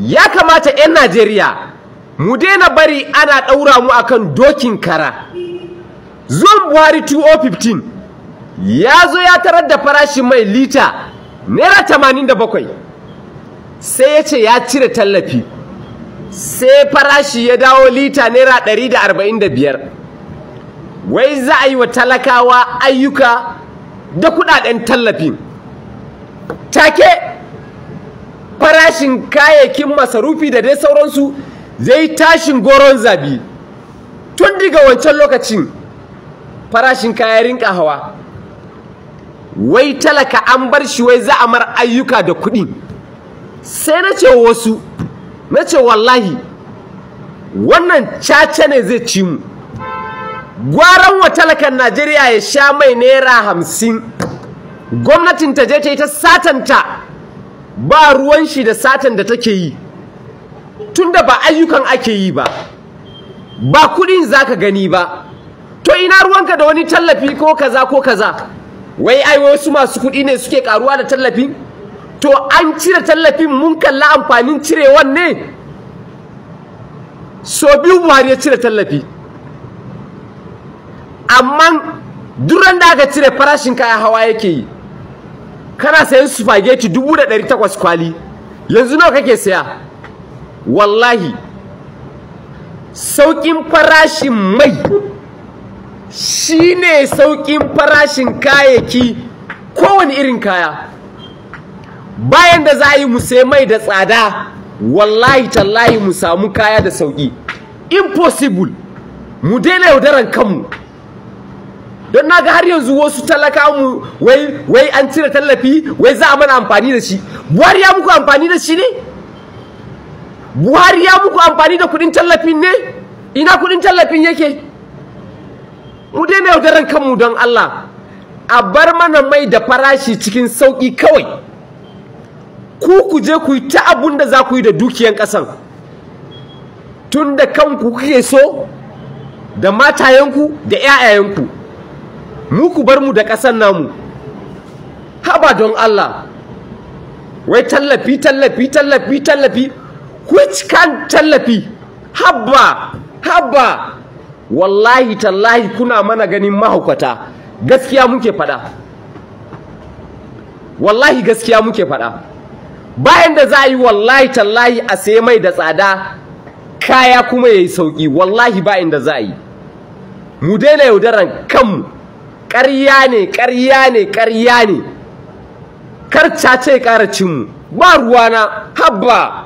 ya kamata 'yan najeriya mu daina bari ana ɗaura mu akan dokin kara zuwan buhari 2015 ya zo ya tarar da farashin mai lita naira 87 sai ya ce ya cire tallafi sai farashi ya dawo lita naira 145 wai za a yi wa talakawa ayyuka da kudaden tallafin take tashin kayayyakin masarufi da dai sauransu zai yi tashin goron zabi tun daga wancan lokacin farashin kaya rinka hawa wai talaka an bar shi wai za a mar ayyuka da kuɗi sai na ce wasu na ce wallahi wannan caca ne zai ci mu gwaran wa talakan najeriya ya sha mai naira hamsin gwamnatin ta je ta yi ta satanta ba ruwan shi da satan da take yi tunda ba ayyukan ake yi ba ba kudin zaka gani ba to ina ruwanka da wani tallafi ko kaza ko kaza wai ai wasu masu kudi ne suke karuwa da tallafi? to an cire tallafin mun kalla amfanin cirewan ne so biyu buhari ya cire tallafi amma duran da aka cire farashin kaya hawa yake yi kana sayan spaghetti dubu da dari takwas kwali yanzu nawa kake saya wallahi sauƙin farashin mai shine sauƙin farashin kayayyaki kowane irin kaya bayan da za a yi mu mai da tsada wallahi tallahi mu samu kaya da sauƙi impossible mu daina yaudaran kanmu don na ga har yanzu wasu talaka mu wai an cire tallafi wai za a mana amfani da shi buhari ya muku amfani da shi ne buhari ya muku amfani da kudin tallafin ne ina kudin tallafin yake mu daina yaudaran kanmu don allah a bar mana mai da farashi cikin sauki kawai ku ku je ku yi ta abun da za ku yi da dukiyan ƙasan tun da kanku kuke so da matayenku da 'ya'yayenku mu ku bar mu da ƙasar namu haba don Allah wai tallafi tallafi tallafi tallafi which can tallafi habba habba wallahi tallahi kuna mana ganin mahaukata gaskiya muke faɗa wallahi gaskiya muke faɗa bayan da za a yi wallahi tallahi a sai mai da tsada kaya kuma ya yi sauƙi wallahi bayan da za a yi mu daina yaudaran kanmu ƙarya ne ƙarya ne ƙarya ne karcace ƙaracinmu ƙara cinmu ba ruwana habba